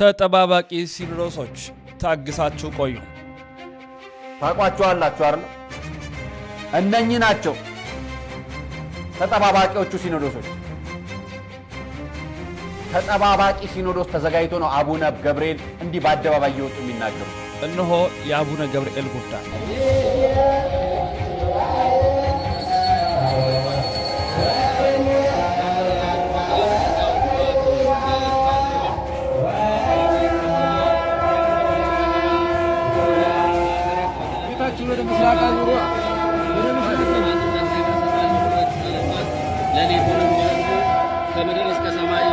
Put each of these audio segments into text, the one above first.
ተጠባባቂ ሲኖዶሶች ታግሳችሁ ቆዩ። ታቋቸዋላችሁ አይደል? እነኚህ ናቸው ተጠባባቂዎቹ ሲኖዶሶች። ተጠባባቂ ሲኖዶስ ተዘጋጅቶ ነው አቡነ ገብርኤል እንዲህ በአደባባይ እየወጡ የሚናገሩ። እነሆ የአቡነ ገብርኤል ጉዳይ ወደ ምስራቅ አዙሮ ወደ ምስራቅ ከምድር እስከ ሰማይ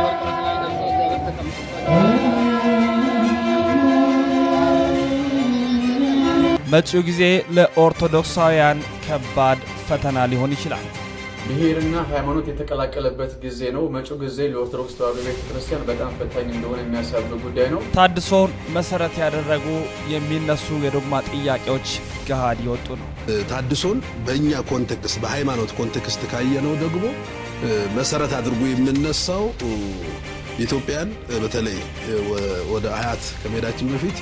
መጪው ጊዜ ለኦርቶዶክሳውያን ከባድ ፈተና ሊሆን ይችላል። ብሔርና ሃይማኖት የተቀላቀለበት ጊዜ ነው። መጪው ጊዜ ለኦርቶዶክስ ተዋሕዶ ቤተክርስቲያን በጣም ፈታኝ እንደሆነ የሚያሳብ ጉዳይ ነው። ታድሶን መሰረት ያደረጉ የሚነሱ የዶግማ ጥያቄዎች ገሃድ የወጡ ነው። ታድሶን በእኛ ኮንቴክስት በሃይማኖት ኮንቴክስት ካየነው ደግሞ መሰረት አድርጎ የምነሳው ኢትዮጵያን በተለይ ወደ አያት ከመሄዳችን በፊት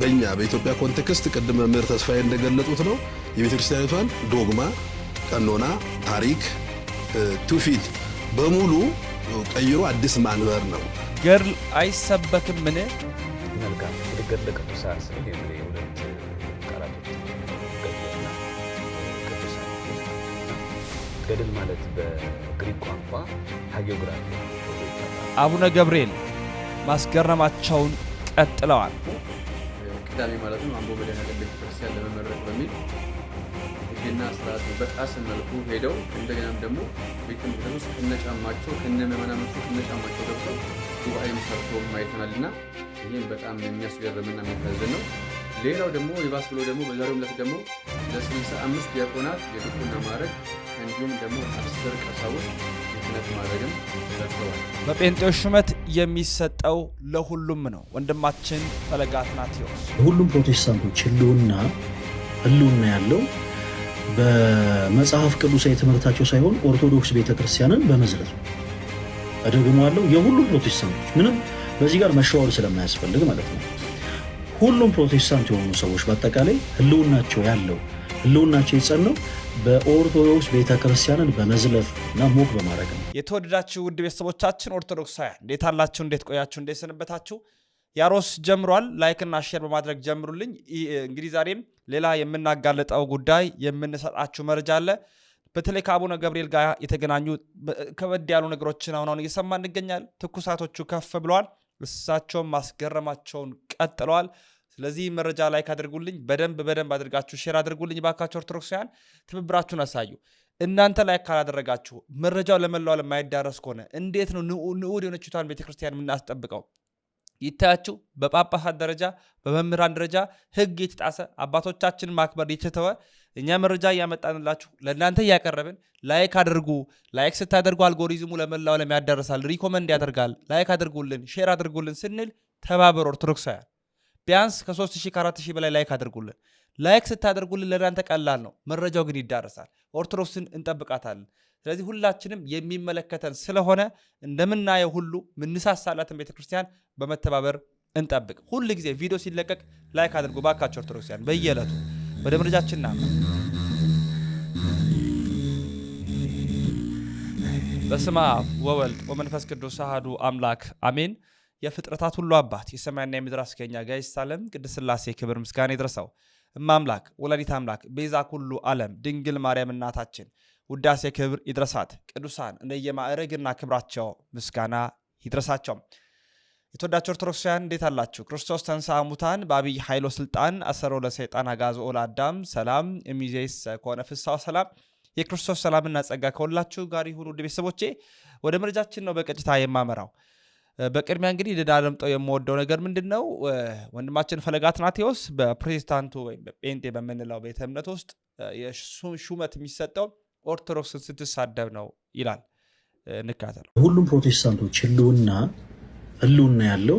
በእኛ በኢትዮጵያ ኮንቴክስት ቅድም መምህር ተስፋዬ እንደገለጡት ነው የቤተክርስቲያኒቷን ዶግማ፣ ቀኖና፣ ታሪክ፣ ትውፊት በሙሉ ቀይሮ አዲስ ማንበር ነው። አይሰበክም ምን መልካም ገድለ ቅዱሳን ገድል ማለት በግሪክ ቋንቋ ሃጊዮግራፊ አቡነ ገብርኤል ማስገረማቸውን ቀጥለዋል። ቅዳሜ ማለት ማለትም አምቦ መድኃኔዓለም ቤተክርስቲያን ለመመረቅ በሚል ህግና ስርዓት በጣስ መልኩ ሄደው እንደገናም ደግሞ ቤተ መቅደስ ውስጥ ከነጫማቸው ከነመመናመቹ ከነጫማቸው ገብተው ጉባኤም ሰርቶ አይተናል። አይተናልና ይህም በጣም የሚያስገርምና የሚያሳዝን ነው። ሌላው ደግሞ የባስ ብሎ ደግሞ በዛሬው ዕለት ደግሞ ለስልሳ አምስት ዲያቆናት የድቁና ማዕረግ እንዲሁም ደግሞ አስር ቀሳውስት ምክነት ማድረግም ሰጥተዋል። በጴንጤዎች ሹመት የሚሰጠው ለሁሉም ነው። ወንድማችን ፈለገ አትናቴዎስ ሁሉም ፕሮቴስታንቶች ህልውና ህልውና ያለው በመጽሐፍ ቅዱሳዊ ትምህርታቸው ሳይሆን ኦርቶዶክስ ቤተክርስቲያንን በመዝለፍ ነው። ደግሞ የሁሉም ፕሮቴስታንቶች ምንም በዚህ ጋር መሸዋወር ስለማያስፈልግ ማለት ነው። ሁሉም ፕሮቴስታንት የሆኑ ሰዎች በአጠቃላይ ህልውናቸው ያለው ህልውናቸው የጸነው በኦርቶዶክስ ቤተ ክርስቲያንን በመዝለፍ እና ሞክ በማድረግ ነው። የተወደዳችሁ ውድ ቤተሰቦቻችን ኦርቶዶክሳውያን እንዴት አላችሁ? እንዴት ቆያችሁ? እንዴት ሰነበታችሁ? ያሮስ ጀምሯል። ላይክና ሼር በማድረግ ጀምሩልኝ። እንግዲህ ዛሬም ሌላ የምናጋለጠው ጉዳይ የምንሰጣችሁ መረጃ አለ። በተለይ ከአቡነ ገብርኤል ጋር የተገናኙ ከበድ ያሉ ነገሮችን አሁን አሁን እየሰማ እንገኛል። ትኩሳቶቹ ከፍ ብለዋል። እሳቸውም ማስገረማቸውን ቀጥለዋል። ስለዚህ መረጃ ላይክ አድርጉልኝ። በደንብ በደንብ አድርጋችሁ ሼር አድርጉልኝ ባካችሁ። ኦርቶዶክሳውያን ትብብራችሁን አሳዩ። እናንተ ላይክ ካላደረጋችሁ መረጃው ለመላው ዓለም የማይዳረስ ከሆነ እንዴት ነው ንዑድ የሆነችቷን ቤተክርስቲያን የምናስጠብቀው? ይታያችሁ በጳጳሳት ደረጃ በመምህራን ደረጃ ህግ የተጣሰ አባቶቻችንን ማክበር የተተወ እኛ መረጃ እያመጣንላችሁ ለእናንተ እያቀረብን ላይክ አድርጉ። ላይክ ስታደርጉ አልጎሪዝሙ ለመላው ዓለም ሪኮመንድ ያደርጋል። ላይክ አድርጉልን፣ ሼር አድርጉልን ስንል ተባበሩ ኦርቶዶክሳውያን። ቢያንስ ከ 3000 ከ4 በላይ ላይክ አድርጉልን። ላይክ ስታደርጉልን ለእናንተ ቀላል ነው፣ መረጃው ግን ይዳረሳል። ኦርቶዶክስን እንጠብቃታለን። ስለዚህ ሁላችንም የሚመለከተን ስለሆነ እንደምናየው ሁሉ ምንሳሳላትን ቤተክርስቲያን በመተባበር እንጠብቅ። ሁል ጊዜ ቪዲዮ ሲለቀቅ ላይክ አድርጉ ባካቸው ኦርቶዶክሲያን በየዕለቱ ወደ መረጃችን ና በስመ አብ ወወልድ ወመንፈስ ቅዱስ አሐዱ አምላክ አሜን። የፍጥረታት ሁሉ አባት የሰማይና የምድር አስገኛ ጋይስት ዓለም ቅድስት ሥላሴ ክብር ምስጋና ይድረሰው። እማምላክ ወላዲት አምላክ ቤዛ ሁሉ ዓለም ድንግል ማርያም እናታችን ውዳሴ ክብር ይድረሳት። ቅዱሳን እንደየማዕረግና ክብራቸው ምስጋና ይድረሳቸው። የተወዳችሁ ኦርቶዶክሳውያን እንዴት አላችሁ? ክርስቶስ ተንሳ ሙታን በአብይ ኃይሎ ስልጣን አሰሮ ለሰይጣን አጋዝኦ ለአዳም ሰላም እሚዜስ ከሆነ ፍሳው ሰላም የክርስቶስ ሰላምና ጸጋ ከሁላችሁ ጋር ይሁን። ውድ ቤተሰቦቼ ወደ መረጃችን ነው በቀጥታ የማመራው። በቅድሚያ እንግዲህ ልዳደምጠው የምወደው ነገር ምንድን ነው፣ ወንድማችን ፈለገ አትናቴዎስ በፕሮቴስታንቱ ወይም በጴንጤ በምንለው ቤተ እምነት ውስጥ ሹመት የሚሰጠው ኦርቶዶክስን ስትሳደብ ነው ይላል። እንካተል ሁሉም ፕሮቴስታንቶች ህልውና ህልውና ያለው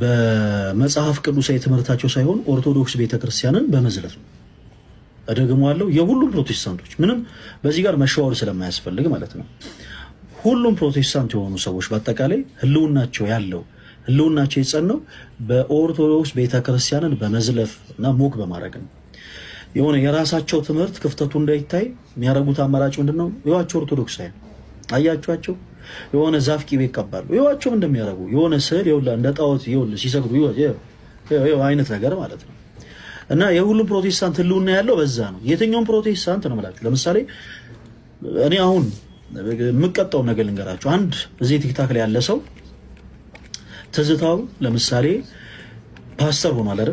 በመጽሐፍ ቅዱሳዊ ትምህርታቸው ሳይሆን ኦርቶዶክስ ቤተክርስቲያንን በመዝለፍ ነው። እደግሞ አለው የሁሉም ፕሮቴስታንቶች ምንም በዚህ ጋር መሸዋወር ስለማያስፈልግ ማለት ነው። ሁሉም ፕሮቴስታንት የሆኑ ሰዎች በአጠቃላይ ህልውናቸው ያለው ህልውናቸው የጸነው በኦርቶዶክስ ቤተክርስቲያንን በመዝለፍ እና ሞግ በማድረግ ነው። የሆነ የራሳቸው ትምህርት ክፍተቱ እንዳይታይ የሚያደርጉት አማራጭ ምንድን ነው? ይዋቸው ኦርቶዶክስ ላይ የሆነ ዛፍ ቂቤ ይቀባሉ። ይዋቸውም እንደሚያደርጉ የሆነ ስዕል ይኸውልህ እንደ ጣዖት ይኸውልህ ሲሰግዱ አይነት ነገር ማለት ነው። እና የሁሉም ፕሮቴስታንት ህልውና ያለው በዛ ነው። የትኛውም ፕሮቴስታንት ነው የምላችሁ። ለምሳሌ እኔ አሁን የምቀጣው ነገር ልንገራችሁ። አንድ እዚህ ቲክታክ ላይ ያለ ሰው ትዝታው ለምሳሌ ፓስተር ሆኗል አይደል?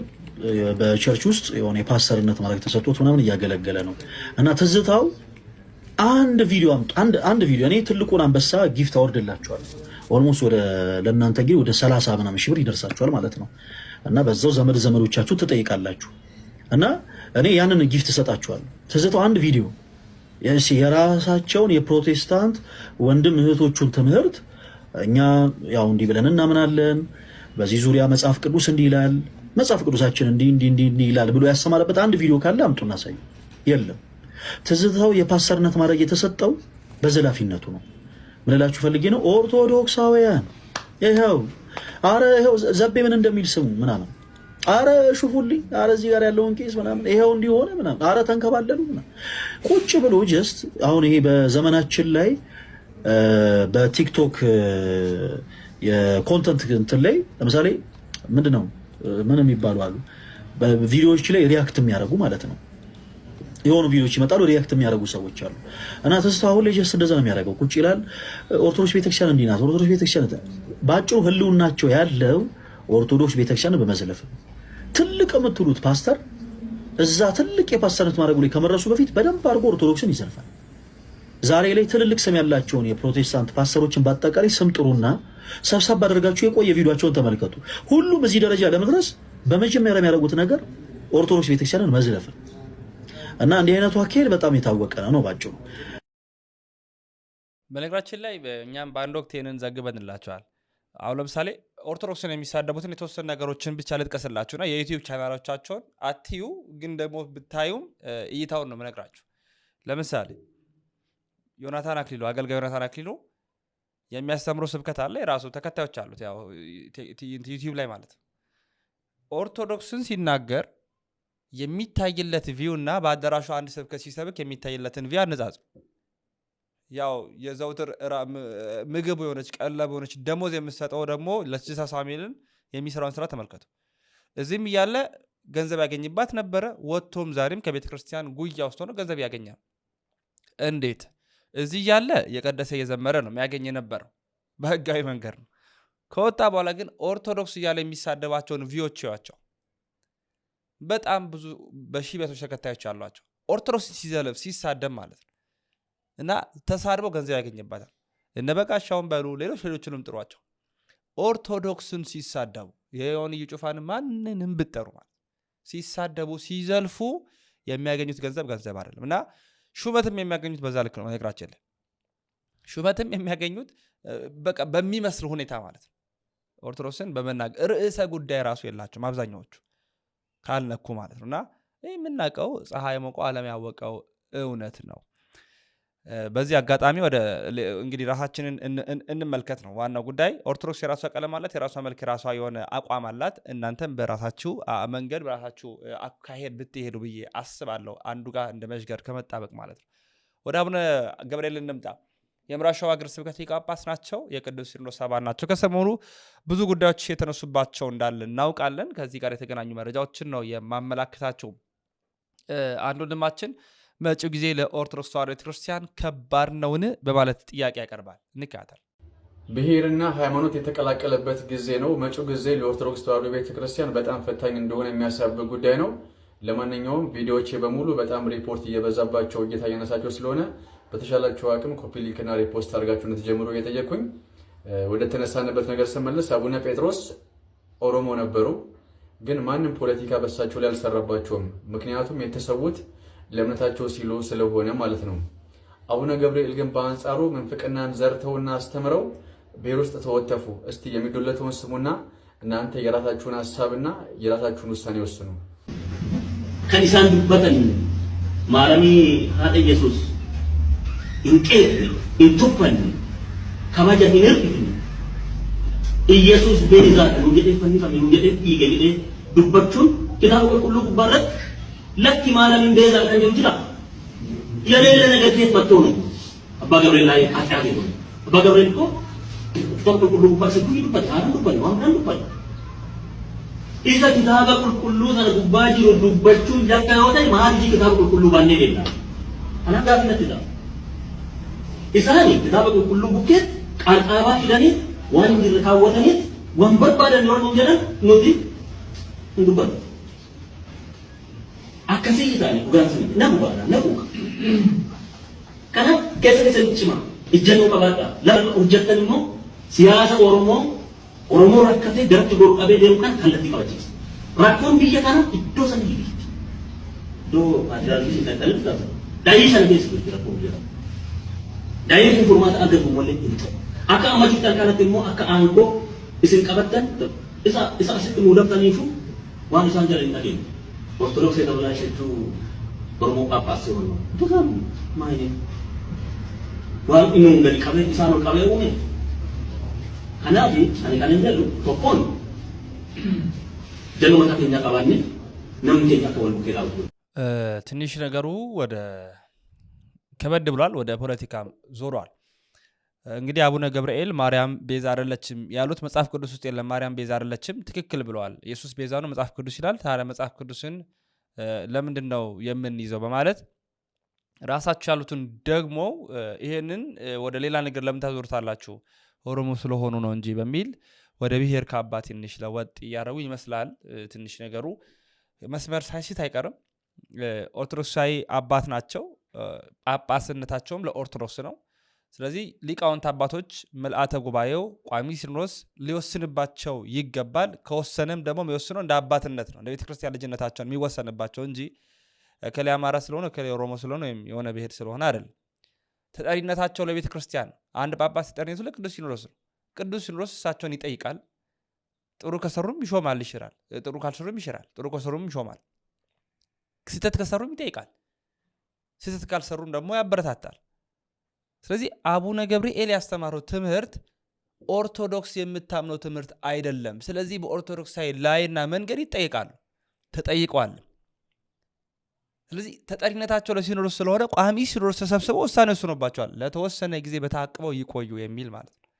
በቸርች ውስጥ የሆነ የፓስተርነት ማድረግ ተሰጥቶት ምናምን እያገለገለ ነው እና ትዝታው አንድ ቪዲዮ አንድ ቪዲዮ እኔ ትልቁን አንበሳ ጊፍት አወርድላቸዋል። ኦልሞስት ወደ ለእናንተ እንግዲህ ወደ ሰላሳ ምናምን ሺህ ብር ይደርሳቸዋል ማለት ነው እና በዛው ዘመድ ዘመዶቻችሁ ትጠይቃላችሁ እና እኔ ያንን ጊፍት እሰጣችኋል። ትዝታው አንድ ቪዲዮ የራሳቸውን የፕሮቴስታንት ወንድም እህቶቹን ትምህርት እኛ ያው እንዲህ ብለን እናምናለን፣ በዚህ ዙሪያ መጽሐፍ ቅዱስ እንዲህ ይላል፣ መጽሐፍ ቅዱሳችን እንዲህ እንዲህ እንዲህ ይላል ብሎ ያሰማለበት አንድ ቪዲዮ ካለ አምጡ እናሳዩ። የለም። ትዝታው የፓስተርነት ማድረግ የተሰጠው በዘላፊነቱ ነው። ምንላችሁ ፈልጌ ነው ኦርቶዶክሳውያን፣ ይኸው አረ ይኸው ዘቤ ምን እንደሚል ስሙ ምናምን አረ ሹፉልኝ፣ አረ እዚህ ጋር ያለውን ኬስ ምናምን ይኸው እንዲሆነ ምናምን፣ አረ ተንከባለሉ ምናምን ቁጭ ብሎ ጀስት አሁን ይሄ በዘመናችን ላይ በቲክቶክ የኮንተንት እንትን ላይ ለምሳሌ ምንድን ነው ምን የሚባሉ አሉ በቪዲዮዎች ላይ ሪያክት የሚያደርጉ ማለት ነው። የሆኑ ቪዲዮዎች ይመጣሉ፣ ሪያክት የሚያደርጉ ሰዎች አሉ። እና ተስፋ አሁን ላይ ጀስት እንደዛ ነው የሚያደርገው። ቁጭ ይላል። ኦርቶዶክስ ቤተክርስቲያን እንዲህ ናት፣ ኦርቶዶክስ ቤተክርስቲያን በአጭሩ ህልውናቸው ያለው ኦርቶዶክስ ቤተክርስቲያን በመዝለፍ ነው። ትልቅ የምትሉት ፓስተር እዛ ትልቅ የፓስተርነት ማድረጉ ላይ ከመድረሱ በፊት በደንብ አድርጎ ኦርቶዶክስን ይዘልፋል። ዛሬ ላይ ትልልቅ ስም ያላቸውን የፕሮቴስታንት ፓስተሮችን በአጠቃላይ ስም ጥሩና ሰብሰብ አድርጋችሁ የቆየ ቪዲዮቸውን ተመልከቱ። ሁሉም እዚህ ደረጃ ለመድረስ በመጀመሪያ የሚያደርጉት ነገር ኦርቶዶክስ ቤተክርስቲያንን መዝለፍ እና እንዲህ አይነቱ አካሄድ በጣም የታወቀ ነው። ባጭሩ በነገራችን ላይ እኛም በአንድ ወቅት ይህንን ዘግበንላቸዋል። አሁን ለምሳሌ ኦርቶዶክስን የሚሳደቡትን የተወሰኑ ነገሮችን ብቻ ና የዩቲዩብ ቻናሎቻቸውን አትዩ፣ ግን ደግሞ ብታዩም እይታውን ነው የምነግራችሁ። ለምሳሌ ዮናታን አክሊሉ አገልጋይ ዮናታን አክሊሉ የሚያስተምረው ስብከት አለ፣ የራሱ ተከታዮች አሉት፣ ያው ዩቲዩብ ላይ ማለት ነው። ኦርቶዶክስን ሲናገር የሚታይለት ቪው እና በአዳራሹ አንድ ስብከት ሲሰብክ የሚታይለትን ቪው አነጻጽሩ። ያው የዘውትር ምግብ የሆነች ቀለብ የሆነች ደሞዝ የምሰጠው ደግሞ ለስሳ ሳሙኤልን የሚሰራውን ስራ ተመልከቱ። እዚህም እያለ ገንዘብ ያገኝባት ነበረ። ወጥቶም ዛሬም ከቤተ ክርስቲያን ጉያ ውስጥ ሆኖ ገንዘብ ያገኛል። እንዴት? እዚህ እያለ የቀደሰ እየዘመረ ነው የሚያገኝ የነበረው በህጋዊ መንገድ ነው። ከወጣ በኋላ ግን ኦርቶዶክስ እያለ የሚሳደባቸውን ቪዎች ያቸው በጣም ብዙ በሺህ ቤቶች ተከታዮች አሏቸው። ኦርቶዶክስ ሲዘለብ ሲሳደብ ማለት ነው እና ተሳድበው ገንዘብ ያገኝባታል። እነ በጋሻውን በሉ ሌሎች ሌሎችንም ጥሯቸው። ኦርቶዶክስን ሲሳደቡ የሆን እየጩፋን ማንንም ብጠሩ ማለት ሲሳደቡ ሲዘልፉ የሚያገኙት ገንዘብ ገንዘብ አይደለም እና ሹመትም የሚያገኙት በዛ ልክ ነው። ነግራችን ሹመትም የሚያገኙት በቃ በሚመስል ሁኔታ ማለት ነው። ኦርቶዶክስን በመናገር ርዕሰ ጉዳይ ራሱ የላቸውም አብዛኛዎቹ ካልነኩ ማለት ነው እና የምናውቀው ፀሐይ ሞቆ ዓለም ያወቀው እውነት ነው። በዚህ አጋጣሚ ወደ እንግዲህ ራሳችንን እንመልከት ነው ዋናው ጉዳይ። ኦርቶዶክስ የራሷ ቀለም አላት፣ የራሷ መልክ፣ የራሷ የሆነ አቋም አላት። እናንተም በራሳችሁ መንገድ በራሳችሁ አካሄድ ብትሄዱ ብዬ አስባለሁ። አንዱ ጋር እንደ መዥገር ከመጣበቅ ማለት ነው። ወደ አቡነ ገብርኤል እንምጣ። የምዕራብ ሸዋ ሀገረ ስብከት ሊቀ ጳጳስ ናቸው፣ የቅዱስ ሲኖዶስ አባል ናቸው። ከሰሞኑ ብዙ ጉዳዮች የተነሱባቸው እንዳለ እናውቃለን። ከዚህ ጋር የተገናኙ መረጃዎችን ነው የማመላክታችሁ። አንድ ወንድማችን መጪው ጊዜ ለኦርቶዶክስ ተዋሕዶ ቤተክርስቲያን ከባድ ነውን? በማለት ጥያቄ ያቀርባል። እንካታል ብሔርና ሃይማኖት የተቀላቀለበት ጊዜ ነው። መጪው ጊዜ ለኦርቶዶክስ ተዋሕዶ ቤተክርስቲያን በጣም ፈታኝ እንደሆነ የሚያሳብ ጉዳይ ነው። ለማንኛውም ቪዲዮዎቼ በሙሉ በጣም ሪፖርት እየበዛባቸው እይታ እያነሳቸው ስለሆነ በተሻላቸው አቅም ኮፒ ሊንክና ሪፖስት አድርጋችሁ እንድትጀምሩ እየጠየቅኩኝ ወደ ተነሳንበት ነገር ስመለስ አቡነ ጴጥሮስ ኦሮሞ ነበሩ፣ ግን ማንም ፖለቲካ በሳቸው ላይ አልሰራባቸውም። ምክንያቱም የተሰዉት ለእምነታቸው ሲሉ ስለሆነ ማለት ነው። አቡነ ገብርኤል ግን በአንጻሩ ምንፍቅናን ዘርተውና አስተምረው ብሔር ውስጥ ተወተፉ። እስቲ የሚዶለተውን ስሙና እናንተ የራሳችሁን ሀሳብና የራሳችሁን ውሳኔ ወስኑ። ከዲሳን ዱበተን ማረሚ ሀጠ ኢየሱስ እንቄ እንቱፈን ከማጃ ሂነር ኢየሱስ ቤዛ ሩጀ ፈኒ ፈሚ ሩጀ ኢገ ዱበቹን ኪታብ ቁሉ ጉባረት ለክ ማለም እንደዛ ከንጀም ይችላል የሌለ ነገር ከየት መጥቶ ነው? አባ ገብርኤል ላይ አጥያት ነው። አባ ገብርኤል እኮ ተቆጥ ሁሉ ቁፋስ ሁሉ ይባል አንዱ አንዱ ባል ኢዛ ኪታበ ቁልቁሉ ዘለ ጉባጂ ዱበቹ ለካ ወደ ኪታበ ቁልቁሉ ባኔ ይላ አና ጋፍነት ኢሳኒ ኪታበ ቁልቁሉ ቡኬት ቃል ቃባ ፊለኔ ዋን ወንበር ባደን ነው ነው ጀነ ነው akkasiitaan dhugaan sun nama baana nama kanaaf keessa keessatti cimaa ijjannoo qabaadhaa lafa hojjettan immoo siyaasa Oromoo Oromoo rakkatee garatti godhu qabee deemu kan kallattii qabachiisa. Rakkoon biyya kana iddoo sana jirutti iddoo faayidaaliis hin daldalin gaafa daa'ii sana keessa jirti rakkoon biyya kana. Daa'ii fi furmaata argatu malee hin ta'u. Akka amma jirtan kanatti immoo akka aangoo isin qabattan isa asitti muudamtaniifu waan isaan jala hin dhageenye. ኦርቶዶክስ የተብላሸችው ኦሮሞ ጳጳስ ሲሆን ማይ ዋን ኢኑ እንገዲ ቀበ ኢሳኑ ቀበ ኡሜ ከናፊ አኔ ቀነን ጀሉ ቶኮን ጀሉ መታከኛ ቀባኒ ነምቴኛ ከወልቡ ትንሽ ነገሩ ወደ ከበድ ብሏል። ወደ ፖለቲካ ዞሯል። እንግዲህ አቡነ ገብርኤል ማርያም ቤዛ አይደለችም ያሉት መጽሐፍ ቅዱስ ውስጥ የለም። ማርያም ቤዛ አይደለችም ትክክል ብለዋል። ኢየሱስ ቤዛ ነው መጽሐፍ ቅዱስ ይላል። ታዲያ መጽሐፍ ቅዱስን ለምንድን ነው የምንይዘው? በማለት ራሳቸው ያሉትን ደግሞ ይሄንን ወደ ሌላ ነገር ለምን ታዞሩታላችሁ? ኦሮሞ ስለሆኑ ነው እንጂ በሚል ወደ ብሔር ካባ ትንሽ ለወጥ እያደረጉ ይመስላል። ትንሽ ነገሩ መስመር ሳይሲት አይቀርም። ኦርቶዶክሳዊ አባት ናቸው። ጳጳስነታቸውም ለኦርቶዶክስ ነው። ስለዚህ ሊቃውንት አባቶች ምልአተ ጉባኤው ቋሚ ሲኖዶስ ሊወስንባቸው ይገባል። ከወሰንም ደግሞ የሚወስነው እንደ አባትነት ነው፣ እንደ ቤተክርስቲያን ልጅነታቸውን የሚወሰንባቸው እንጂ እከሌ አማራ ስለሆነ እከሌ ኦሮሞ ስለሆነ ወይም የሆነ ብሄር ስለሆነ አይደለም። ተጠሪነታቸው ለቤተ ክርስቲያን አንድ ጳጳስ ተጠሪነቱ ለቅዱስ ሲኖዶስ ነው። ቅዱስ ሲኖዶስ እሳቸውን ይጠይቃል። ጥሩ ከሰሩም ይሾማል፣ ይሽራል። ጥሩ ካልሰሩም ይሽራል። ጥሩ ከሰሩም ይሾማል። ስህተት ከሰሩም ይጠይቃል። ስህተት ካልሰሩም ደግሞ ያበረታታል። ስለዚህ አቡነ ገብርኤል ያስተማረው ትምህርት ኦርቶዶክስ የምታምነው ትምህርት አይደለም። ስለዚህ በኦርቶዶክሳዊ ላይና መንገድ ይጠይቃሉ፣ ተጠይቋል። ስለዚህ ተጠሪነታቸው ለሲኖዶስ ስለሆነ ቋሚ ሲኖዶስ ተሰብስበ ውሳኔ ወስኖባቸዋል። ለተወሰነ ጊዜ በታቅበው ይቆዩ የሚል ማለት ነው።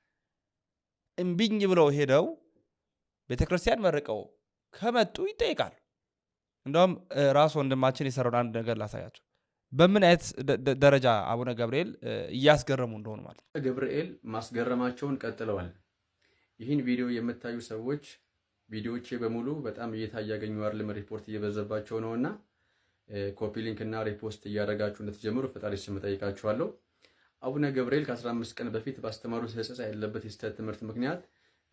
እምቢኝ ብለው ሄደው ቤተክርስቲያን ክርስቲያን መርቀው ከመጡ ይጠይቃሉ። እንደውም ራስ ወንድማችን የሰራውን አንድ ነገር ላሳያቸው። በምን አይነት ደረጃ አቡነ ገብርኤል እያስገረሙ እንደሆኑ ማለት ነው። ገብርኤል ማስገረማቸውን ቀጥለዋል። ይህን ቪዲዮ የምታዩ ሰዎች ቪዲዮዎቼ በሙሉ በጣም እይታ እያገኙ አይደለም፣ ሪፖርት እየበዛባቸው ነው እና ኮፒ ሊንክ እና ሪፖስት እያደረጋችሁ እንደተጀምሩ ፈጣሪ ስም ጠይቃችኋለሁ። አቡነ ገብርኤል ከ15 ቀን በፊት ባስተማሩት ሕጸጻ ያለበት የስተት ትምህርት ምክንያት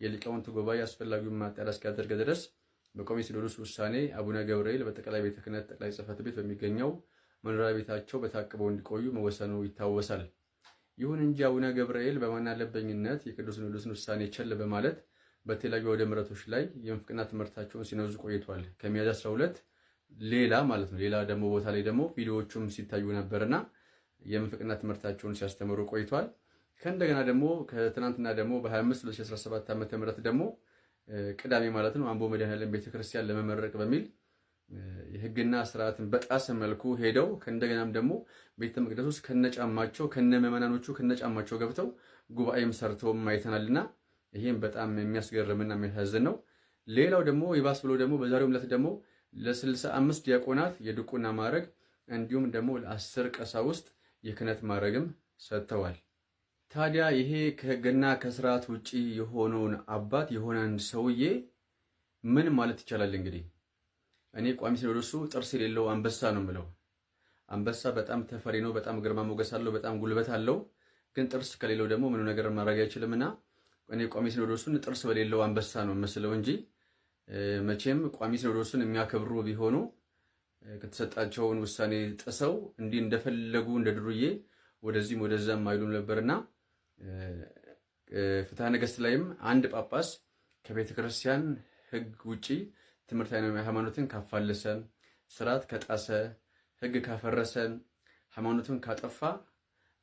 የሊቃውንት ጉባኤ አስፈላጊውን ማጣሪያ እስኪያደርገ ድረስ በቋሚ ሲኖዶስ ውሳኔ አቡነ ገብርኤል በጠቅላይ ቤተ ክህነት ጠቅላይ ጽሕፈት ቤት በሚገኘው መኖሪያ ቤታቸው በታቅበው እንዲቆዩ መወሰኑ ይታወሳል። ይሁን እንጂ አቡነ ገብርኤል በማናለበኝነት የቅዱስ ሲኖዶስን ውሳኔ ቸል በማለት በተለያዩ አውደ ምሕረቶች ላይ የምንፍቅና ትምህርታቸውን ሲነዙ ቆይቷል። ከሚያዝያ 12 ሌላ ማለት ነው ሌላ ደግሞ ቦታ ላይ ደግሞ ቪዲዮዎቹም ሲታዩ ነበርና የምንፍቅና ትምህርታቸውን ሲያስተምሩ ቆይቷል። ከእንደገና ደግሞ ከትናንትና ደግሞ በ25 2017 ዓ.ም ደግሞ ቅዳሜ ማለት ነው አምቦ መድኃኔዓለም ቤተክርስቲያን ለመመረቅ በሚል የህግና ስርዓትን በጣሰ መልኩ ሄደው እንደገናም ደግሞ ቤተ መቅደስ ውስጥ ከነጫማቸው ከነመመናኖቹ ከነጫማቸው ገብተው ጉባኤም ሰርተውም አይተናልና ይህም በጣም የሚያስገርምና የሚያሳዝን ነው። ሌላው ደግሞ ይባስ ብሎ ደግሞ በዛሬው ዕለት ደግሞ ለስልሳ አምስት ዲያቆናት የድቁና ማዕረግ እንዲሁም ደግሞ ለአስር ቀሳውስት የክህነት ማዕረግም ሰጥተዋል። ታዲያ ይሄ ከህግና ከስርዓት ውጪ የሆነውን አባት አንድ ሰውዬ ምን ማለት ይቻላል እንግዲህ እኔ ቋሚ ሲኖዶሱ ጥርስ የሌለው አንበሳ ነው የምለው። አንበሳ በጣም ተፈሪ ነው፣ በጣም ግርማ ሞገስ አለው፣ በጣም ጉልበት አለው። ግን ጥርስ ከሌለው ደግሞ ምንም ነገር ማድረግ እና እኔ ቋሚ ሲኖዶሱን ጥርስ በሌለው አንበሳ ነው መስለው እንጂ መቼም ቋሚ ሲኖዶሱን የሚያከብሩ ቢሆኑ ከተሰጣቸውን ውሳኔ ጥሰው እንዲህ እንደፈለጉ እንደ ድሩዬ ወደዚህም ወደዛም አይሉም ነበርና ፍትሐ ነገሥት ላይም አንድ ጳጳስ ከቤተክርስቲያን ህግ ሕግ ውጪ ትምህርታዊ ሃይማኖትን ካፋለሰ፣ ስርዓት ከጣሰ፣ ህግ ካፈረሰ፣ ሃይማኖትን ካጠፋ፣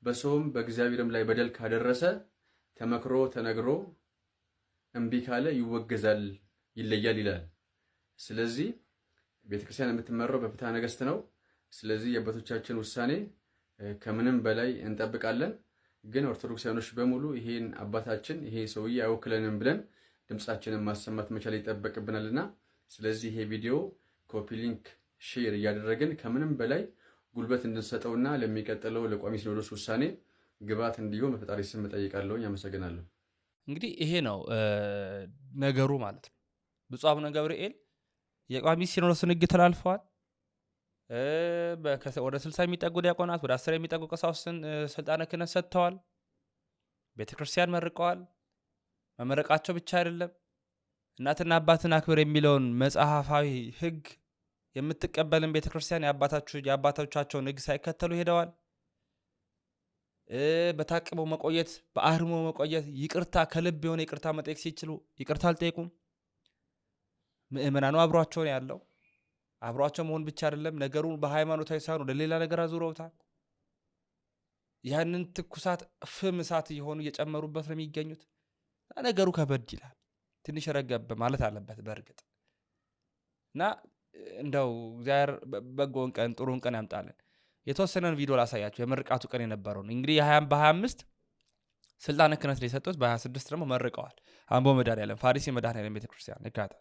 በሰውም በእግዚአብሔርም ላይ በደል ካደረሰ ተመክሮ ተነግሮ እምቢ ካለ ይወገዛል፣ ይለያል ይላል። ስለዚህ ቤተክርስቲያን የምትመራው በፍትሐ ነገሥት ነው። ስለዚህ የአባቶቻችን ውሳኔ ከምንም በላይ እንጠብቃለን። ግን ኦርቶዶክሳኖች በሙሉ ይሄን አባታችን ይሄ ሰውዬ አይወክለንም ብለን ድምጻችንን ማሰማት መቻል ይጠበቅብናልና ስለዚህ ይሄ ቪዲዮ ኮፒ ሊንክ ሼር እያደረግን ከምንም በላይ ጉልበት እንድንሰጠውና ለሚቀጥለው ለቋሚ ሲኖዶስ ውሳኔ ግብዓት እንዲሆን በፈጣሪ ስም እጠይቃለሁ። አመሰግናለሁ። እንግዲህ ይሄ ነው ነገሩ ማለት ነው። ብፁዕ አቡነ ገብርኤል የቋሚ ሲኖዶስን ሕግ ተላልፈዋል። ወደ ስልሳ የሚጠጉ ዲያቆናት ወደ አስር የሚጠጉ ቀሳውስትን ስልጣነ ክህነት ሰጥተዋል። ቤተክርስቲያን መርቀዋል። መመረቃቸው ብቻ አይደለም እናትና አባትን አክብር የሚለውን መጽሐፋዊ ህግ የምትቀበልን ቤተ ክርስቲያን የአባቶቻቸውን ህግ ሳይከተሉ ሄደዋል። በታቅበው መቆየት፣ በአርሞ መቆየት፣ ይቅርታ ከልብ የሆነ ይቅርታ መጠየቅ ሲችሉ ይቅርታ አልጠየቁም። ምእመናኑ አብሯቸው ያለው። አብሯቸው መሆን ብቻ አይደለም፣ ነገሩን በሃይማኖታዊ ሳይሆን ለሌላ ነገር አዙረውታል። ያንን ትኩሳት ፍም እሳት እየሆኑ እየጨመሩበት ነው የሚገኙት። ነገሩ ከበድ ይላል። ትንሽ ረገብ ማለት አለበት። በእርግጥ እና እንደው እግዚአብሔር በጎን ቀን ጥሩን ቀን ያምጣልን። የተወሰነን ቪዲዮ ላሳያቸው የምርቃቱ ቀን የነበረውን እንግዲህ በ25 ስልጣነ ክነት ላይ የሰጡት በ26 ደግሞ መርቀዋል። አምቦ ያለን ፋሪሲ ያለን ቤተክርስቲያን ይካታል።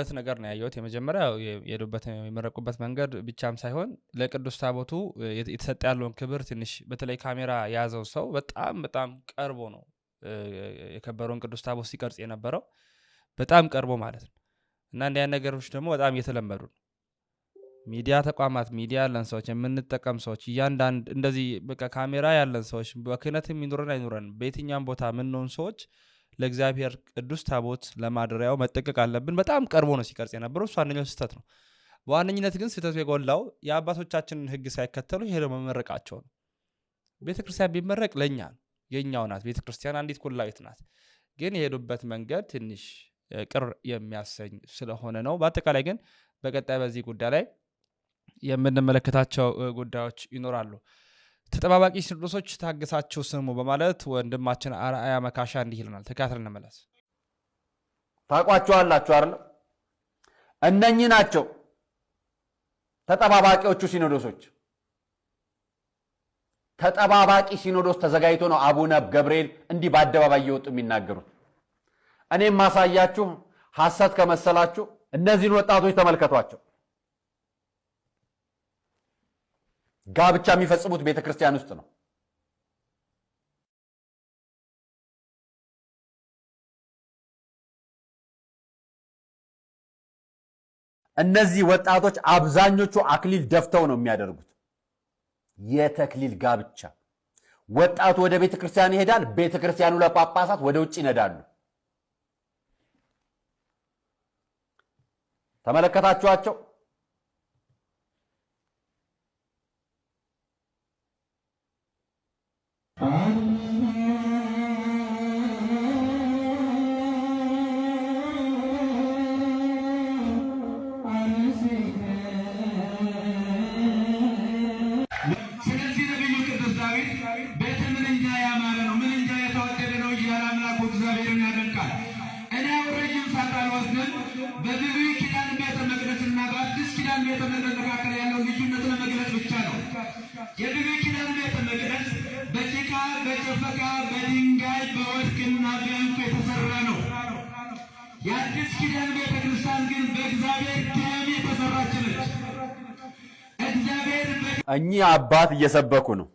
ሁለት ነገር ነው ያየሁት። የመጀመሪያ የሄዱበት የመረቁበት መንገድ ብቻም ሳይሆን ለቅዱስ ታቦቱ የተሰጠ ያለውን ክብር ትንሽ በተለይ ካሜራ የያዘው ሰው በጣም በጣም ቀርቦ ነው የከበረውን ቅዱስ ታቦት ሲቀርጽ የነበረው በጣም ቀርቦ ማለት ነው። እና እንዲያ ነገሮች ደግሞ በጣም እየተለመዱ ነው። ሚዲያ ተቋማት ሚዲያ ያለን ሰዎች የምንጠቀም ሰዎች እያንዳንድ እንደዚህ በቃ ካሜራ ያለን ሰዎች በክህነት የሚኖረን አይኖረን በየትኛም ቦታ የምንሆን ሰዎች ለእግዚአብሔር ቅዱስ ታቦት ለማደሪያው መጠቀቅ አለብን። በጣም ቀርቦ ነው ሲቀርጽ የነበረው እሱ አንደኛው ስህተት ነው። በዋነኝነት ግን ስህተቱ የጎላው የአባቶቻችንን ሕግ ሳይከተሉ ሄደው መመረቃቸው ነው። ቤተ ክርስቲያን ቢመረቅ ለእኛ ነው፣ የእኛው ናት ቤተ ክርስቲያን፣ አንዲት ኩላዊት ናት። ግን የሄዱበት መንገድ ትንሽ ቅር የሚያሰኝ ስለሆነ ነው። በአጠቃላይ ግን በቀጣይ በዚህ ጉዳይ ላይ የምንመለከታቸው ጉዳዮች ይኖራሉ። ተጠባባቂ ሲኖዶሶች ታግሳችሁ ስሙ በማለት ወንድማችን አርአያ መካሻ እንዲህ ይለናል። ተካትል እንመለስ። ታውቋቸዋላችሁ አይደል? እነኚህ ናቸው ተጠባባቂዎቹ ሲኖዶሶች። ተጠባባቂ ሲኖዶስ ተዘጋጅቶ ነው አቡነ ገብርኤል እንዲህ በአደባባይ እየወጡ የሚናገሩት። እኔም ማሳያችሁ ሐሰት ከመሰላችሁ እነዚህን ወጣቶች ተመልከቷቸው። ጋብቻ የሚፈጽሙት ቤተ ክርስቲያን ውስጥ ነው። እነዚህ ወጣቶች አብዛኞቹ አክሊል ደፍተው ነው የሚያደርጉት። የተክሊል ጋብቻ ወጣቱ ወደ ቤተ ክርስቲያን ይሄዳል። ቤተ ክርስቲያኑ ለጳጳሳት ወደ ውጭ ይነዳሉ። ተመለከታችኋቸው? የአዲስ ኪዳን ቤተ ክርስቲያን ግን በእግዚአብሔር የተሰራች ነች። እግዚአብሔር እኚህ አባት እየሰበኩ ነው።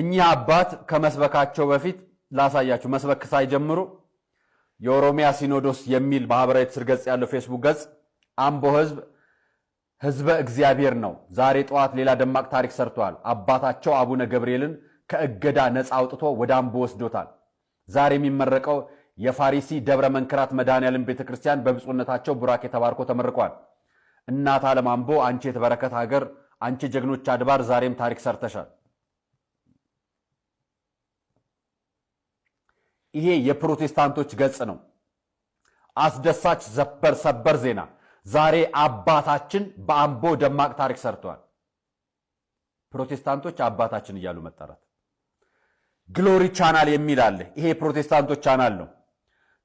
እኚህ አባት ከመስበካቸው በፊት ላሳያችሁ። መስበክ ሳይጀምሩ የኦሮሚያ ሲኖዶስ የሚል ማህበራዊ ትስስር ገጽ ያለው ፌስቡክ ገጽ አምቦ ህዝብ ህዝበ እግዚአብሔር ነው። ዛሬ ጠዋት ሌላ ደማቅ ታሪክ ሰርተዋል። አባታቸው አቡነ ገብርኤልን ከእገዳ ነፃ አውጥቶ ወደ አምቦ ወስዶታል። ዛሬ የሚመረቀው የፋሪሲ ደብረ መንክራት መድኃኔዓለም ቤተ ክርስቲያን በብፁዕነታቸው ቡራኬ ተባርኮ ተመርቋል። እናት ዓለም አምቦ፣ አንቺ የተበረከት ሀገር፣ አንቺ ጀግኖች አድባር ዛሬም ታሪክ ሰርተሻል። ይሄ የፕሮቴስታንቶች ገጽ ነው። አስደሳች ዘበር ሰበር ዜና ዛሬ አባታችን በአምቦ ደማቅ ታሪክ ሰርተዋል። ፕሮቴስታንቶች አባታችን እያሉ መጠራት ግሎሪ ቻናል የሚል አለ። ይሄ የፕሮቴስታንቶች ቻናል ነው።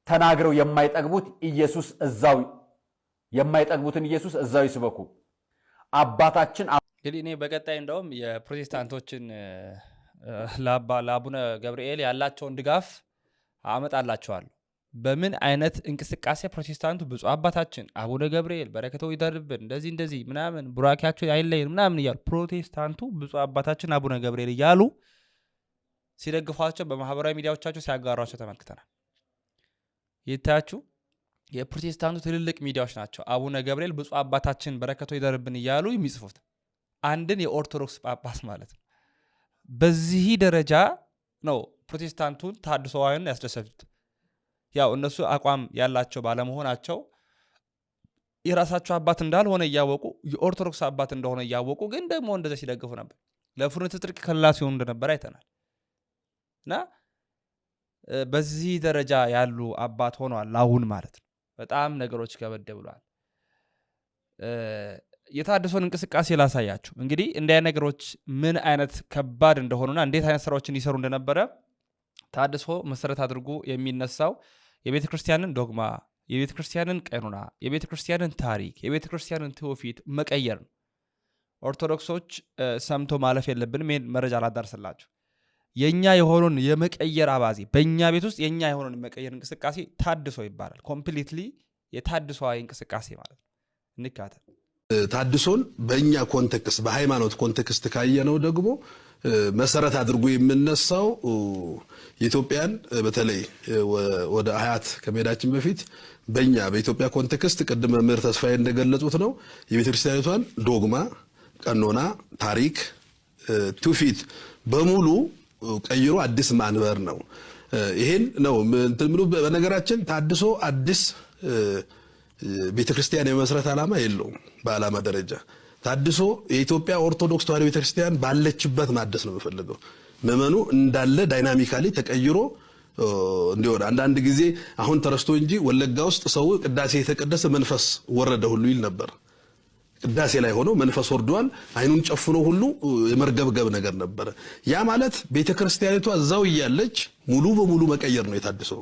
ተናግረው የማይጠግቡት ኢየሱስ እዛው የማይጠግቡትን ኢየሱስ እዛው ይስበኩ። አባታችን እንግዲህ እኔ በቀጣይ እንደውም የፕሮቴስታንቶችን ለአቡነ ገብርኤል ያላቸውን ድጋፍ አላቸዋል። በምን አይነት እንቅስቃሴ ፕሮቴስታንቱ ብፁ አባታችን አቡነ ገብርኤል በረከተው ይደርብን፣ እንደዚህ እንደዚህ ምናምን ቡራኪያቸው አይለይን ምናምን እያሉ ፕሮቴስታንቱ ብፁ አባታችን አቡነ ገብርኤል እያሉ ሲደግፏቸው በማህበራዊ ሚዲያዎቻቸው ሲያጋሯቸው ተመልክተናል። የታያችሁ የፕሮቴስታንቱ ትልልቅ ሚዲያዎች ናቸው አቡነ ገብርኤል ብፁ አባታችን በረከቶ ይደርብን እያሉ የሚጽፉት አንድን የኦርቶዶክስ ጳጳስ ማለት ነው። በዚህ ደረጃ ነው ፕሮቴስታንቱን ታድሶዋን ያስደሰቱት። ያው እነሱ አቋም ያላቸው ባለመሆናቸው የራሳቸው አባት እንዳልሆነ እያወቁ የኦርቶዶክስ አባት እንደሆነ እያወቁ ግን ደግሞ እንደዚያ ሲደግፉ ነበር። ለፍኖተ ጥርቅ ከላ ሲሆኑ እንደነበረ አይተናል እና በዚህ ደረጃ ያሉ አባት ሆኗል። አሁን ማለት ነው በጣም ነገሮች ከበደ ብሏል። የታደሰውን እንቅስቃሴ ላሳያችሁ። እንግዲህ እንዲህ አይነት ነገሮች ምን አይነት ከባድ እንደሆኑና እንዴት አይነት ስራዎችን ይሰሩ እንደነበረ ታድሶ መሰረት አድርጎ የሚነሳው የቤተ ክርስቲያንን ዶግማ፣ የቤተ ክርስቲያንን ቀኑና፣ የቤተ ክርስቲያንን ታሪክ፣ የቤተ ክርስቲያንን ትውፊት መቀየር ነው። ኦርቶዶክሶች ሰምቶ ማለፍ የለብንም። ይህን መረጃ አላዳርስላችሁ። የእኛ የሆነውን የመቀየር አባዜ በእኛ ቤት ውስጥ የእኛ የሆነውን የመቀየር እንቅስቃሴ ታድሶ ይባላል። ኮምፕሊትሊ የታድሶዊ እንቅስቃሴ ማለት ነው። ታድሶን በእኛ ኮንቴክስት፣ በሃይማኖት ኮንቴክስት ካየነው ደግሞ መሰረት አድርጎ የምነሳው ኢትዮጵያን በተለይ ወደ አያት ከመሄዳችን በፊት በእኛ በኢትዮጵያ ኮንቴክስት ቅድመ መምህር ተስፋዬ እንደገለጹት ነው የቤተክርስቲያኒቷን ዶግማ፣ ቀኖና፣ ታሪክ፣ ትውፊት በሙሉ ቀይሮ አዲስ ማንበር ነው። ይሄን ነው እንትምሉ። በነገራችን ታድሶ አዲስ ቤተክርስቲያን የመስረት ዓላማ የለውም። በዓላማ ደረጃ ታድሶ የኢትዮጵያ ኦርቶዶክስ ተዋሕዶ ቤተክርስቲያን ባለችበት ማደስ ነው የምፈልገው። ምዕመኑ እንዳለ ዳይናሚካሊ ተቀይሮ እንዲሆን አንዳንድ ጊዜ አሁን ተረስቶ እንጂ ወለጋ ውስጥ ሰው ቅዳሴ የተቀደሰ መንፈስ ወረደ ሁሉ ይል ነበር። ቅዳሴ ላይ ሆኖ መንፈስ ወርዷል፣ አይኑን ጨፍኖ ሁሉ የመርገብገብ ነገር ነበረ። ያ ማለት ቤተ ክርስቲያኒቷ እዛው እያለች ሙሉ በሙሉ መቀየር ነው የታድሶ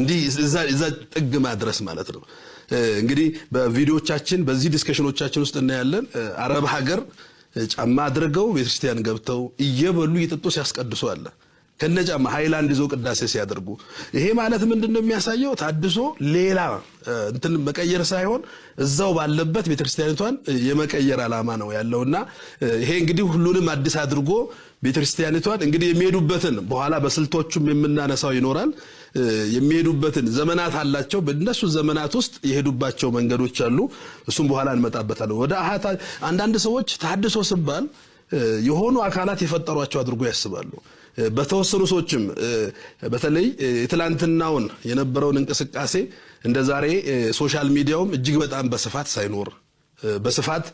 እንዲህ እዛ ጥግ ማድረስ ማለት ነው። እንግዲህ በቪዲዮቻችን በዚህ ዲስከሽኖቻችን ውስጥ እናያለን። አረብ ሀገር ጫማ አድርገው ቤተክርስቲያን ገብተው እየበሉ እየጠጡ ሲያስቀድሱ አለ። ከነጫማ ሃይላንድ ይዞ ቅዳሴ ሲያደርጉ ይሄ ማለት ምንድነው የሚያሳየው? ታድሶ ሌላ እንትን መቀየር ሳይሆን እዛው ባለበት ቤተክርስቲያኒቷን የመቀየር ዓላማ ነው ያለውና ይሄ እንግዲህ ሁሉንም አዲስ አድርጎ ቤተክርስቲያኒቷን እንግዲህ የሚሄዱበትን በኋላ በስልቶቹም የምናነሳው ይኖራል። የሚሄዱበትን ዘመናት አላቸው። በእነሱ ዘመናት ውስጥ የሄዱባቸው መንገዶች አሉ። እሱም በኋላ እንመጣበታለን። ወደ አሃታ አንዳንድ ሰዎች ታድሶ ሲባል የሆኑ አካላት የፈጠሯቸው አድርጎ ያስባሉ። በተወሰኑ ሰዎችም በተለይ የትላንትናውን የነበረውን እንቅስቃሴ እንደ ዛሬ ሶሻል ሚዲያውም እጅግ በጣም በስፋት ሳይኖር በስፋት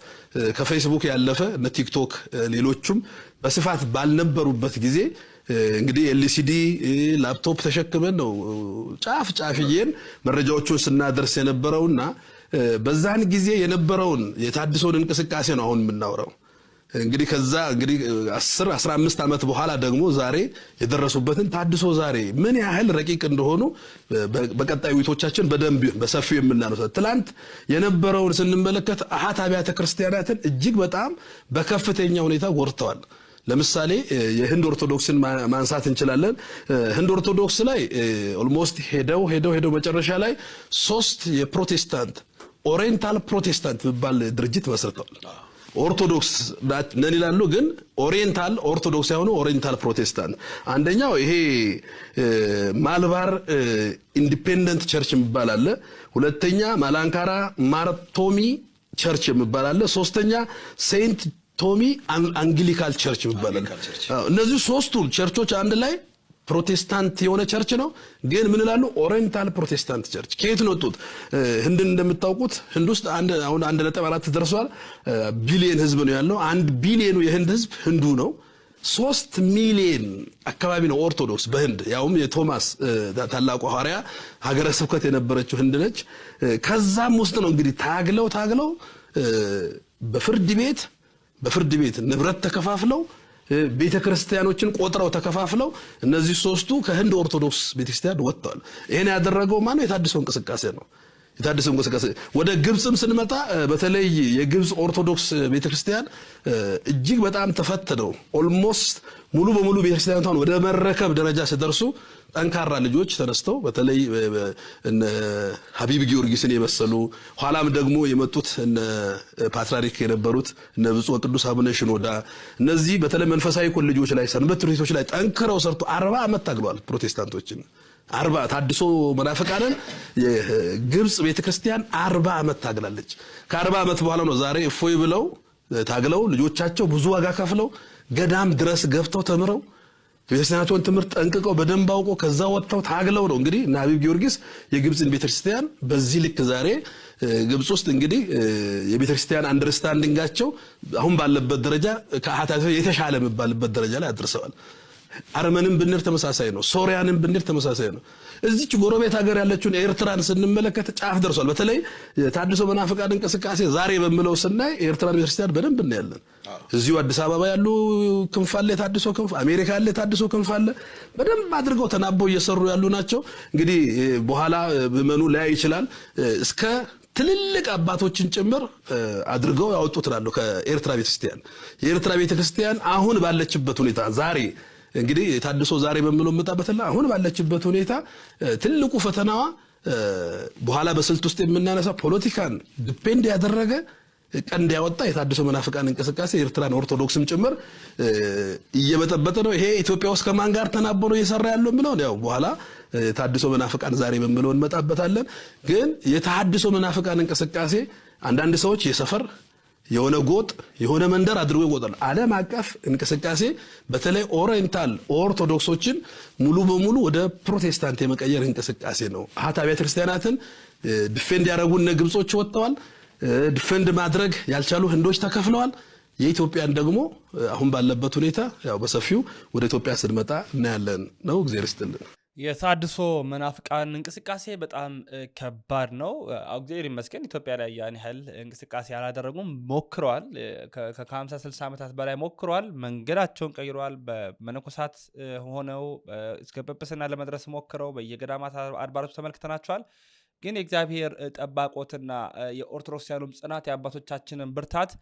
ከፌስቡክ ያለፈ እነ ቲክቶክ ሌሎቹም በስፋት ባልነበሩበት ጊዜ እንግዲህ ኤልሲዲ ላፕቶፕ ተሸክመን ነው ጫፍ ጫፍዬን መረጃዎቹን ስናደርስ የነበረውና በዛን ጊዜ የነበረውን የታድሶን እንቅስቃሴ ነው አሁን የምናውረው። እንግዲህ ከዛ እንግዲህ 10 15 ዓመት በኋላ ደግሞ ዛሬ የደረሱበትን ታድሶ ዛሬ ምን ያህል ረቂቅ እንደሆኑ በቀጣይ ውይይቶቻችን በደንብ በሰፊው የምናነሳ። ትላንት የነበረውን ስንመለከት አሃት አብያተ ክርስቲያናትን እጅግ በጣም በከፍተኛ ሁኔታ ጎድተዋል። ለምሳሌ የህንድ ኦርቶዶክስን ማንሳት እንችላለን። ህንድ ኦርቶዶክስ ላይ ኦልሞስት ሄደው ሄደው ሄደው መጨረሻ ላይ ሶስት የፕሮቴስታንት ኦሪየንታል ፕሮቴስታንት የሚባል ድርጅት መስርተዋል። ኦርቶዶክስ ነን ይላሉ፣ ግን ኦሪየንታል ኦርቶዶክስ ሳይሆኑ ኦሪየንታል ፕሮቴስታንት። አንደኛው ይሄ ማልባር ኢንዲፔንደንት ቸርች የሚባል አለ። ሁለተኛ ማላንካራ ማርቶሚ ቸርች የሚባል አለ። ሶስተኛ ሴንት ቶሚ አንግሊካል ቸርች የሚባል አለ። እነዚህ ሶስቱ ቸርቾች አንድ ላይ ፕሮቴስታንት የሆነ ቸርች ነው። ግን ምን ላሉ ኦሪንታል ፕሮቴስታንት ቸርች ከየት ነው ጡት ህንድን እንደምታውቁት ህንድ ውስጥ አንድ አሁን አንድ ነጥብ አራት ደርሷል ቢሊየን ህዝብ ነው ያለው። አንድ ቢሊየኑ የህንድ ህዝብ ህንዱ ነው። ሶስት ሚሊየን አካባቢ ነው ኦርቶዶክስ በህንድ ያውም የቶማስ ታላቁ ሐዋርያ ሀገረ ስብከት የነበረችው ህንድ ነች። ከዛም ውስጥ ነው እንግዲህ ታግለው ታግለው በፍርድ ቤት በፍርድ ቤት ንብረት ተከፋፍለው ቤተ ክርስቲያኖችን ቆጥረው ተከፋፍለው እነዚህ ሶስቱ ከህንድ ኦርቶዶክስ ቤተክርስቲያን ወጥተዋል። ይህን ያደረገው ማነው? የታድሶ እንቅስቃሴ ነው። የታደሰ እንቅስቃሴ ወደ ግብፅም ስንመጣ በተለይ የግብፅ ኦርቶዶክስ ቤተክርስቲያን እጅግ በጣም ተፈትነው ኦልሞስት ሙሉ በሙሉ ቤተክርስቲያኒቷን ወደ መረከብ ደረጃ ሲደርሱ ጠንካራ ልጆች ተነስተው በተለይ ሀቢብ ጊዮርጊስን የመሰሉ ኋላም ደግሞ የመጡት ፓትርያርክ የነበሩት እነ ብፁዕ ቅዱስ አቡነ ሽኖዳ እነዚህ በተለይ መንፈሳዊ ኮሌጆች ላይ ሰንበት ትምህርት ቤቶች ላይ ጠንክረው ሰርቶ አርባ ዓመት ታግሏል ፕሮቴስታንቶችን አርባ ታድሶ መናፍቃንን ግብፅ ቤተክርስቲያን አርባ ዓመት ታግላለች። ከአርባ ዓመት በኋላ ነው ዛሬ እፎይ ብለው ታግለው ልጆቻቸው ብዙ ዋጋ ከፍለው ገዳም ድረስ ገብተው ተምረው ቤተክርስቲያናቸውን ትምህርት ጠንቅቀው በደንብ አውቀው ከዛ ወጥተው ታግለው ነው እንግዲህ እነ ሀቢብ ጊዮርጊስ የግብፅን ቤተክርስቲያን በዚህ ልክ ዛሬ ግብፅ ውስጥ እንግዲህ የቤተክርስቲያን አንደርስታንዲንጋቸው አሁን ባለበት ደረጃ ከአሃት የተሻለ የሚባልበት ደረጃ ላይ አድርሰዋል። አርመንም ብንል ተመሳሳይ ነው። ሶሪያንም ብንል ተመሳሳይ ነው። እዚች ጎረቤት ሀገር ያለችውን ኤርትራን ስንመለከት ጫፍ ደርሷል። በተለይ ታድሶ መናፍቃን እንቅስቃሴ ዛሬ በምለው ስናይ ኤርትራን ቤተክርስቲያን በደንብ እናያለን። እዚሁ አዲስ አበባ ያሉ ክንፍ አለ፣ የታድሶ ክንፍ አሜሪካ ያለ የታድሶ ክንፍ አለ። በደንብ አድርገው ተናበው እየሰሩ ያሉ ናቸው። እንግዲህ በኋላ ምዕመኑ ሊያይ ይችላል እስከ ትልልቅ አባቶችን ጭምር አድርገው ያወጡት እላለሁ ከኤርትራ ቤተክርስቲያን የኤርትራ ቤተክርስቲያን አሁን ባለችበት ሁኔታ ዛሬ እንግዲህ የታድሶ ዛሬ በምለው መጣበትና አሁን ባለችበት ሁኔታ ትልቁ ፈተናዋ በኋላ በስልት ውስጥ የምናነሳ ፖለቲካን ዲፔንድ ያደረገ ቀንድ ያወጣ የታድሶ መናፍቃን እንቅስቃሴ ኤርትራን ኦርቶዶክስም ጭምር እየበጠበጠ ነው። ይሄ ኢትዮጵያ ውስጥ ከማን ጋር ተናበሮ እየሰራ ያለው የሚለውን ያው በኋላ የታድሶ መናፍቃን ዛሬ በምለው እንመጣበታለን። ግን የታድሶ መናፍቃን እንቅስቃሴ አንዳንድ ሰዎች የሰፈር የሆነ ጎጥ የሆነ መንደር አድርጎ ይቆጥራል። ዓለም አቀፍ እንቅስቃሴ በተለይ ኦሪየንታል ኦርቶዶክሶችን ሙሉ በሙሉ ወደ ፕሮቴስታንት የመቀየር እንቅስቃሴ ነው። አሃት አብያተ ክርስቲያናትን ድፌንድ ያደረጉን ግብጾች ወጥተዋል። ድፌንድ ማድረግ ያልቻሉ ህንዶች ተከፍለዋል። የኢትዮጵያን ደግሞ አሁን ባለበት ሁኔታ ያው በሰፊው ወደ ኢትዮጵያ ስንመጣ እናያለን ነው። እግዜር ይስጥልን። የታድሶ መናፍቃን እንቅስቃሴ በጣም ከባድ ነው። እግዚአብሔር ይመስገን ኢትዮጵያ ላይ ያን ያህል እንቅስቃሴ አላደረጉም። ሞክረዋል፣ ከ50 60 ዓመታት በላይ ሞክረዋል። መንገዳቸውን ቀይረዋል። በመነኮሳት ሆነው እስከ ጵጵስና ለመድረስ ሞክረው በየገዳማት አድባሮች ተመልክተናቸዋል። ግን የእግዚአብሔር ጠባቆትና የኦርቶዶክሲያኑም ጽናት የአባቶቻችንን ብርታት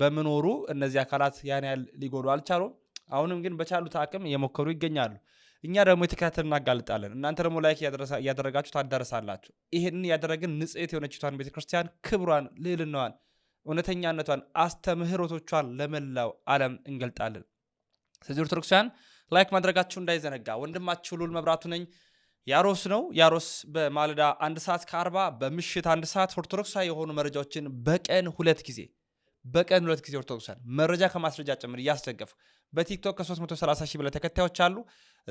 በመኖሩ እነዚህ አካላት ያን ያህል ሊጎዱ አልቻሉም። አሁንም ግን በቻሉት አቅም እየሞከሩ ይገኛሉ። እኛ ደግሞ የተከታተል እናጋልጣለን። እናንተ ደግሞ ላይክ እያደረጋችሁ ታዳርሳላችሁ። ይህን ያደረግን ንጽሕት የሆነችቷን ቤተክርስቲያን ክብሯን፣ ልዕልናዋን፣ እውነተኛነቷን፣ አስተምህሮቶቿን ለመላው ዓለም እንገልጣለን። ስለዚህ ኦርቶዶክሳውያን ላይክ ማድረጋችሁ እንዳይዘነጋ። ወንድማችሁ ሉል መብራቱ ነኝ። ያሮስ ነው። ያሮስ በማለዳ አንድ ሰዓት ከአርባ በምሽት አንድ ሰዓት ኦርቶዶክሳዊ የሆኑ መረጃዎችን በቀን ሁለት ጊዜ በቀን ሁለት ጊዜ ኦርቶዶክሳን መረጃ ከማስረጃ ጭምር እያስደገፍ በቲክቶክ ከ330 ሺህ በላይ ተከታዮች አሉ።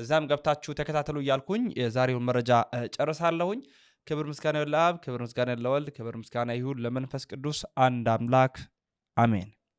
እዛም ገብታችሁ ተከታተሉ እያልኩኝ የዛሬውን መረጃ ጨርሳለሁኝ። ክብር ምስጋና ለአብ፣ ክብር ምስጋና ለወልድ፣ ክብር ምስጋና ይሁን ለመንፈስ ቅዱስ አንድ አምላክ አሜን።